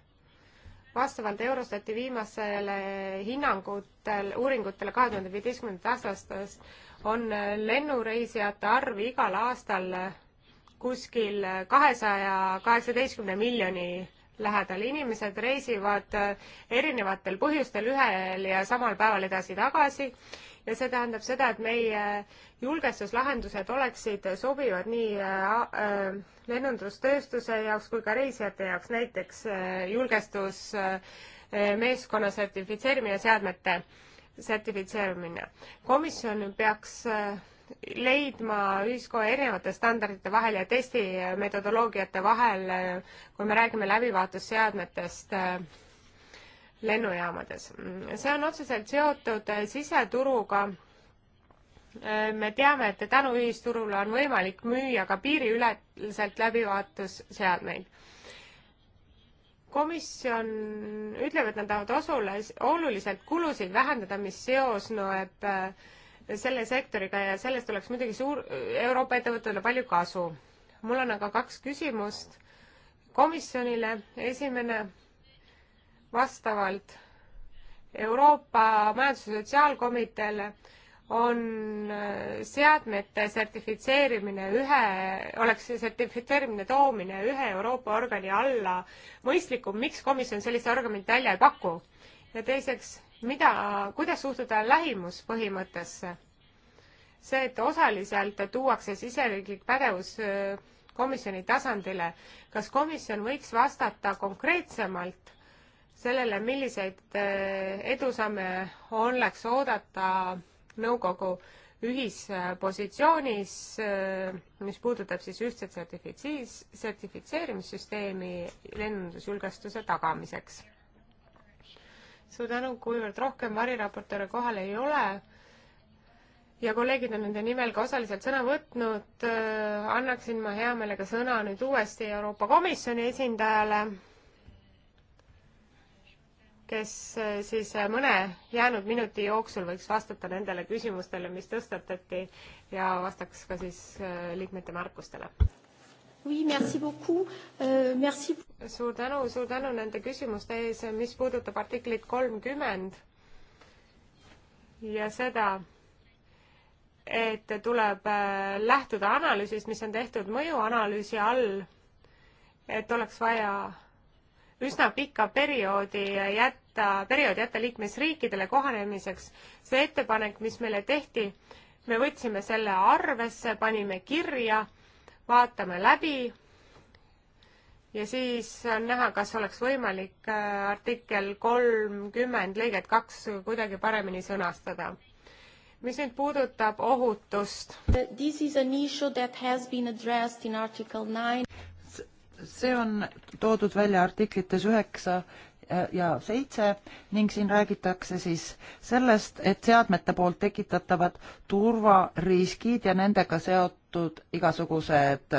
vastavalt Eurostati viimasele hinnangutel, uuringutele kahe tuhande viieteistkümnendast aastast on äh, lennureisijate arv igal aastal äh, kuskil kahesaja kaheksateistkümne miljoni lähedal. inimesed reisivad erinevatel põhjustel ühel ja samal päeval edasi-tagasi ja see tähendab seda, et meie julgestuslahendused oleksid sobivad nii äh, äh, lennundustööstuse jaoks kui ka reisijate jaoks, näiteks äh, julgestusmeeskonna sertifitseerimine, seadmete sertifitseerimine. komisjon peaks leidma ühiskonna erinevate standardite vahel ja testimetodoloogiate vahel, kui me räägime läbivaatusseadmetest lennujaamades. Mm, see on otseselt seotud äh, siseturuga. Äh, me teame, et tänu ühisturule on võimalik müüa ka piiriüleselt läbivaatusseadmeid. komisjon ütleb, et nad tahavad osules, oluliselt kulusid vähendada, mis seosneb no, äh, selle sektoriga ja sellest oleks muidugi suur, Euroopa ettevõtetele palju kasu. mul on aga kaks küsimust komisjonile. esimene vastavalt Euroopa Majandus- ja Sotsiaalkomiteele on äh, seadmete sertifitseerimine ühe, oleks see sertifitseerimine toomine ühe Euroopa organi alla mõistlikum, miks komisjon sellist organit välja ei paku? ja teiseks, mida, kuidas suhtuda lähimuspõhimõttesse? see, et osaliselt tuuakse siseriiklik pädevus äh, komisjoni tasandile, kas komisjon võiks vastata konkreetsemalt sellele, milliseid äh, edusamme oleks oodata nõukogu ühispositsioonis, äh, mis puudutab siis ühtset sertifitsiis, sertifitseerimissüsteemi lennundusjulgestuse tagamiseks. suur tänu, kuivõrd rohkem variraportööre kohal ei ole ja kolleegid on nende nimel ka osaliselt sõna võtnud, äh, annaksin ma hea meelega sõna nüüd uuesti Euroopa Komisjoni esindajale kes eh, siis eh, mõne jäänud minuti jooksul võiks vastata nendele küsimustele, mis tõstatati ja vastaks ka siis eh, liikmete märkustele. Oui, merci beaucoup. Euh, merci. suur tänu, suur tänu nende küsimuste ees, mis puudutab artiklit kolmkümmend ja seda, et tuleb lähtuda analüüsist, mis on tehtud mõjuanalüüsi all, et oleks vaja üsna pika perioodi jätta, periood jätta liikmesriikidele kohanemiseks. see ettepanek, mis meile tehti, me võtsime selle arvesse, panime kirja, vaatame läbi ja siis on näha, kas oleks võimalik äh, artikkel kolmkümmend lõiget kaks kuidagi paremini sõnastada mis nüüd puudutab ohutust see on toodud välja artiklites üheksa ja seitse ning siin räägitakse siis sellest, et seadmete poolt tekitatavad turvariskid ja nendega seotud igasugused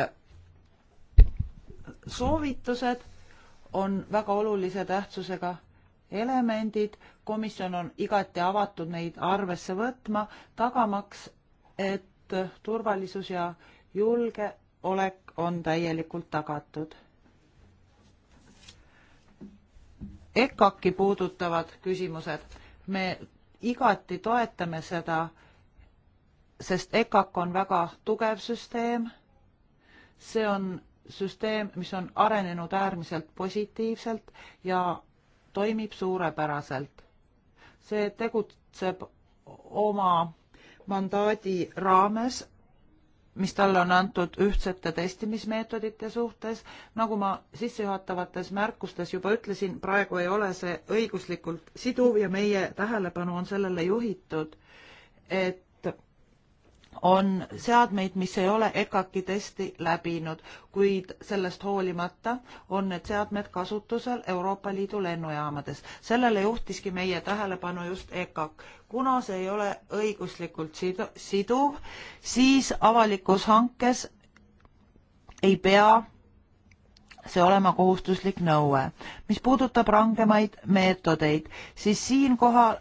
soovitused on väga olulise tähtsusega elemendid. komisjon on igati avatud neid arvesse võtma, tagamaks, et turvalisus ja julgeolek on täielikult tagatud. EKAK-i puudutavad küsimused. me igati toetame seda, sest EKAK on väga tugev süsteem. see on süsteem, mis on arenenud äärmiselt positiivselt ja toimib suurepäraselt. see tegutseb oma mandaadi raames mis talle on antud ühtsete testimismeetodite suhtes. nagu ma sissejuhatavates märkustes juba ütlesin, praegu ei ole see õiguslikult siduv ja meie tähelepanu on sellele juhitud, et on seadmeid, mis ei ole EKAK-i testi läbinud, kuid sellest hoolimata on need seadmed kasutusel Euroopa Liidu lennujaamades. sellele juhtiski meie tähelepanu just EKAK. kuna see ei ole õiguslikult sidu-, siduv, siis avalikus hankes ei pea see olema kohustuslik nõue. mis puudutab rangemaid meetodeid, siis siinkohal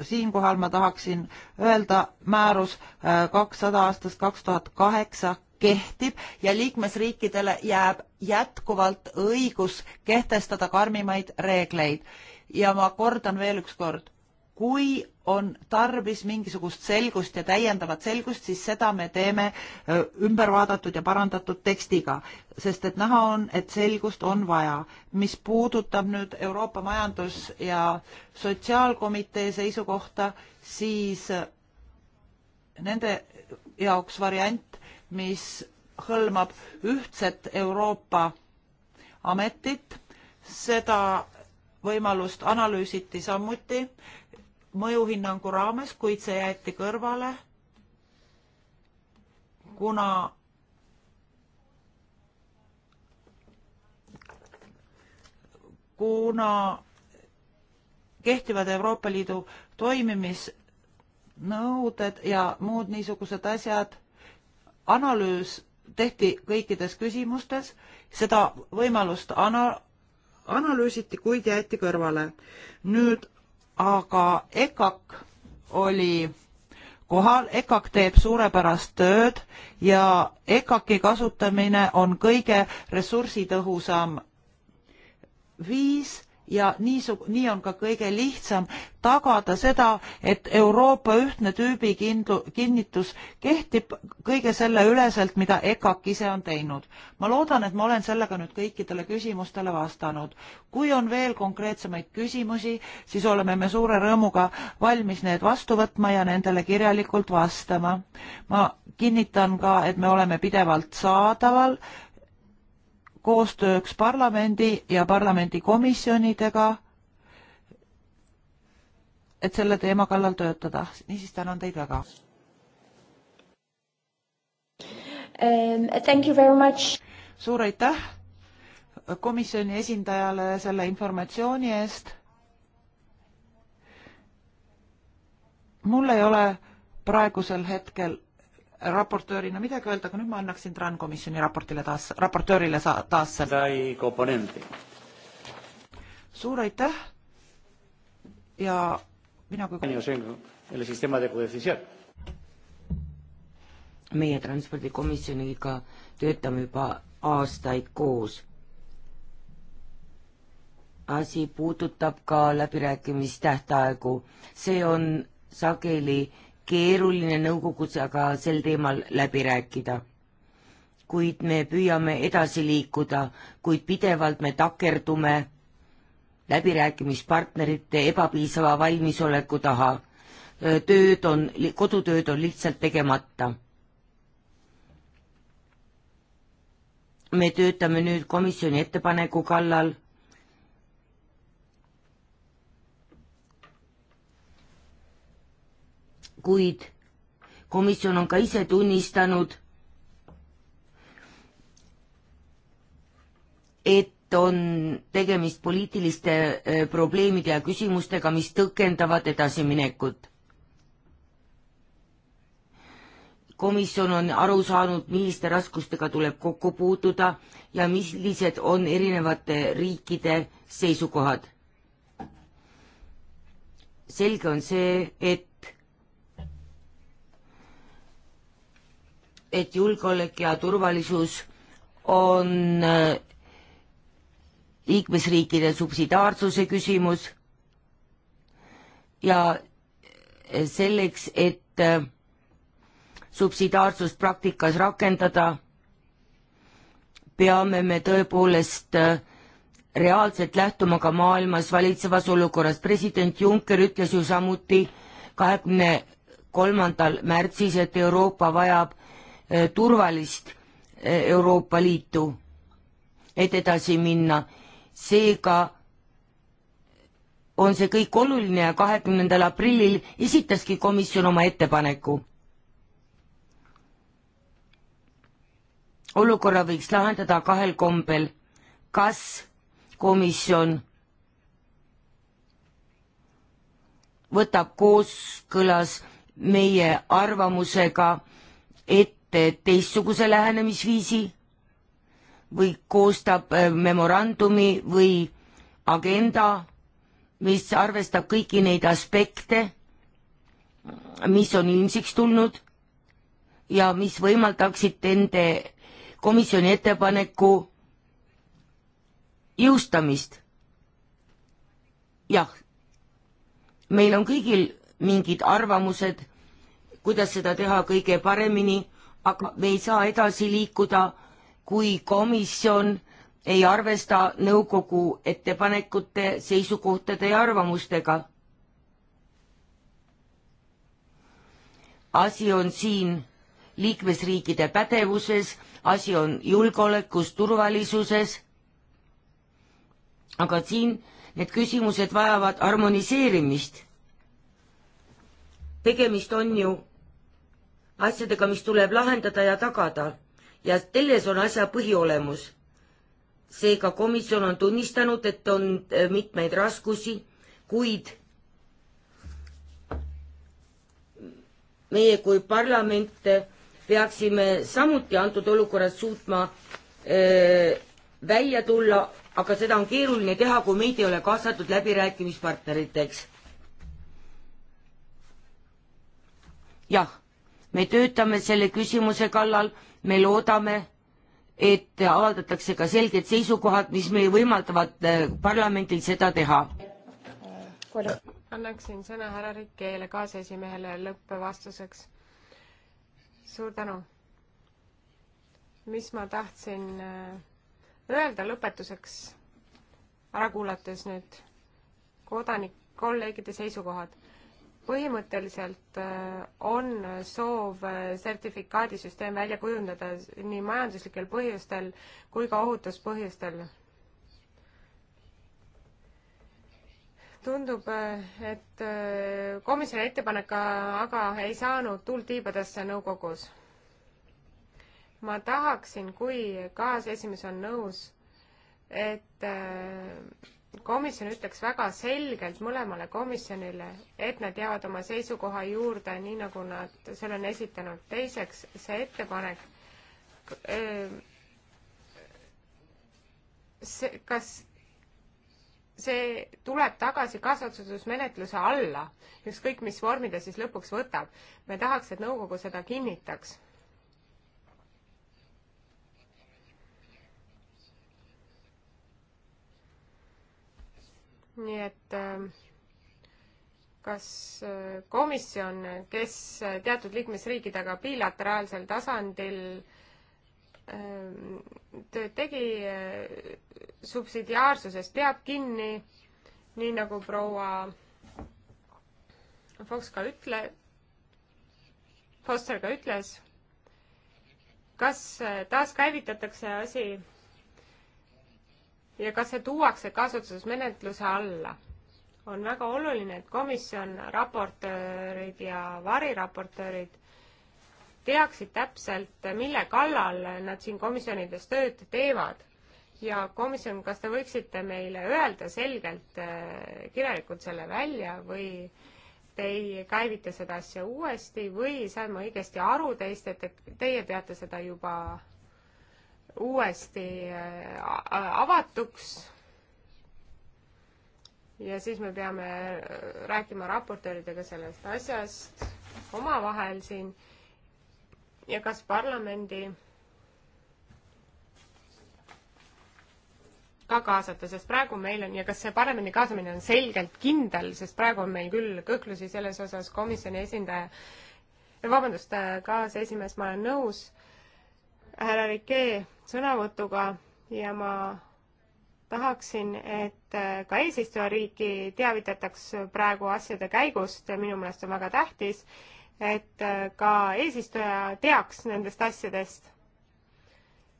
siinkohal ma tahaksin öelda, määrus äh, kakssada aastast kaks tuhat kaheksa kehtib ja liikmesriikidele jääb jätkuvalt õigus kehtestada karmimaid reegleid. ja ma kordan veel ükskord, kui on tarvis mingisugust selgust ja täiendavat selgust, siis seda me teeme äh, ümbervaadatud ja parandatud tekstiga, sest et näha on, et selgust on vaja. mis puudutab nüüd Euroopa Majandus- ja Sotsiaalkomitee seisukohta, siis äh, nende jaoks variant, mis hõlmab ühtset Euroopa ametit, seda võimalust analüüsiti samuti mõjuhinnangu raames, kuid see jäeti kõrvale, kuna kuna kehtivad Euroopa Liidu toimimisnõuded ja muud niisugused asjad, analüüs tehti kõikides küsimustes, seda võimalust ana-, analüüsiti, kuid jäeti kõrvale. nüüd aga EKAK oli kohal, EKAK teeb suurepärast tööd ja EKAK-i kasutamine on kõige ressursitõhusam viis ja niisug-, nii on ka kõige lihtsam tagada seda, et Euroopa ühtne tüübikindlu-, kinnitus kehtib kõige selle üleselt, mida EKAK ise on teinud. ma loodan, et ma olen sellega nüüd kõikidele küsimustele vastanud. kui on veel konkreetsemaid küsimusi, siis oleme me suure rõõmuga valmis need vastu võtma ja nendele kirjalikult vastama. ma kinnitan ka, et me oleme pidevalt saadaval äh, koostööks parlamendi ja parlamendikomisjonidega, et selle teema kallal töötada. niisiis tänan teid väga um,. Thank you very much. suur aitäh komisjoni esindajale selle informatsiooni eest. mul ei ole praegusel hetkel raportöörina midagi öelda, aga nüüd ma annaksin TRAN komisjoni raportile taas, raportöörile sa-, taas suur aitäh ja mina kui meie transpordikomisjoniga töötame juba aastaid koos asi puudutab ka läbirääkimistähtaegu. see on sageli keeruline nõukogus aga sel teemal läbi rääkida. kuid me püüame edasi liikuda, kuid pidevalt me takerdume läbirääkimispartnerite ebapiisava valmisoleku taha. tööd on, kodutööd on lihtsalt tegemata. me töötame nüüd komisjoni ettepaneku kallal kuid komisjon on ka ise tunnistanud, et on tegemist poliitiliste eh, probleemide ja küsimustega, mis tõkendavad edasiminekut. komisjon on aru saanud, milliste raskustega tuleb kokku puutuda ja millised on erinevate riikide seisukohad. selge on see, et et julgeolek ja turvalisus on äh, liikmesriikide subsidiaarsuse küsimus ja äh, selleks, et äh, subsidiaarsust praktikas rakendada, peame me tõepoolest reaalselt lähtuma ka maailmas valitsevas olukorras. president Juncker ütles ju samuti kahekümne kolmandal märtsis, et Euroopa vajab Eh, turvalist eh, Euroopa Liitu, et edasi minna. seega on see kõik oluline ja kahekümnendal aprillil esitaski komisjon oma ettepaneku. olukorra võiks lahendada kahel kombel, kas komisjon võtab kooskõlas meie arvamusega, et ette teistsuguse lähenemisviisi või koostab äh, memorandumi või agenda, mis arvestab kõiki neid aspekte, mis on ilmsiks tulnud ja mis võimaldaksid nende komisjoni ettepaneku jõustamist. jah, meil on kõigil mingid arvamused, kuidas seda teha kõige paremini aga me ei saa edasi liikuda, kui komisjon ei arvesta nõukogu ettepanekute, seisukohtade ja arvamustega. asi on siin liikmesriikide pädevuses, asi on julgeolekus, turvalisuses, aga siin need küsimused vajavad harmoniseerimist. tegemist on ju asjadega, mis tuleb lahendada ja tagada ja selles on asja põhiolemus. seega komisjon on tunnistanud, et on äh, mitmeid raskusi, kuid meie kui parlament äh, peaksime samuti antud olukorras suutma öö, äh, välja tulla, aga seda on keeruline teha, kui meid ei ole kaasatud läbirääkimispartneriteks. jah me töötame selle küsimuse kallal, me loodame, et avaldatakse ka selged seisukohad, mis meil võimaldavad äh, parlamendil seda teha. annaksin sõna härra Rikkeele kaasesimehele lõppvastuseks. suur tänu. mis ma tahtsin äh, öelda lõpetuseks, ära kuulates nüüd kodanik, kolleegide seisukohad põhimõtteliselt äh, on soov äh, sertifikaadisüsteem välja kujundada nii majanduslikel põhjustel kui ka ohutuspõhjustel. tundub, äh, et komisjoni ettepanek aga ei saanud tuult tiibadesse nõukogus. ma tahaksin, kui kaasesimees on nõus, et komisjon ütleks väga selgelt mõlemale komisjonile, et nad jäävad oma seisukoha juurde, nii nagu nad selle on esitanud. teiseks, see ettepanek, see, kas see tuleb tagasi kaasotsustusmenetluse alla, ükskõik mis vormi ta siis lõpuks võtab. me tahaks, et nõukogu seda kinnitaks nii et ähm, kas äh, komisjon, kes äh, teatud liikmesriikidega bilateraalsel tasandil ähm, tööd tegi, äh, subsidiaarsusest peab kinni, nii nagu proua Fox ka ütle, Foster ka ütles, kas taaskäivitatakse asi ja kas see tuuakse kasutusmenetluse alla. on väga oluline, et komisjon, raportöörid ja variraportöörid teaksid täpselt, mille kallal nad siin komisjonides tööd teevad. ja komisjon, kas te võiksite meile öelda selgelt äh, kirjalikult selle välja või te ei käivita seda asja uuesti või sain ma õigesti aru teist, et te, teie peate seda juba uuesti äh, avatuks. ja siis me peame äh, rääkima raportööridega sellest asjast omavahel siin ja kas parlamendi ka kaasata, sest praegu meil on ja kas see parlamendi kaasamine on selgelt kindel, sest praegu on meil küll kõhklusi selles osas komisjoni esindaja, vabandust, äh, kaasesimees, ma olen nõus, härra Rikee sõnavõtuga ja ma tahaksin, et ka eesistujariiki teavitataks praegu asjade käigust, minu meelest on väga tähtis, et ka eesistuja teaks nendest asjadest.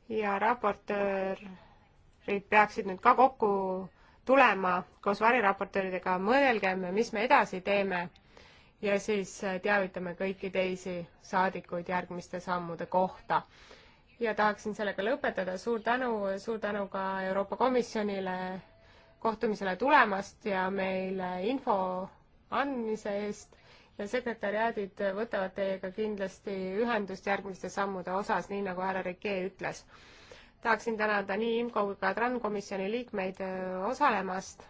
ja raportöörid peaksid nüüd ka kokku tulema koos variraportööridega, mõelgem, mis me edasi teeme ja siis teavitame kõiki teisi saadikuid järgmiste sammude kohta ja tahaksin sellega lõpetada, suur tänu, suur tänu ka Euroopa Komisjonile kohtumisele tulemast ja meile info andmise eest ja sekretäriaadid võtavad teiega kindlasti ühendust järgmiste sammude osas, nii nagu härra Rikee ütles. tahaksin tänada nii IMCO kui ka TRAN komisjoni liikmeid äh, osalemast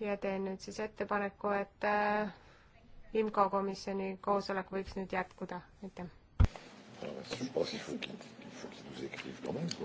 ja teen nüüd siis ettepaneku, et äh, IMCO komisjoni koosolek võiks nüüd jätkuda, aitäh! Euh, je pense qu'il faut qu'il qu faut qu nous écrive quand même. Quoi.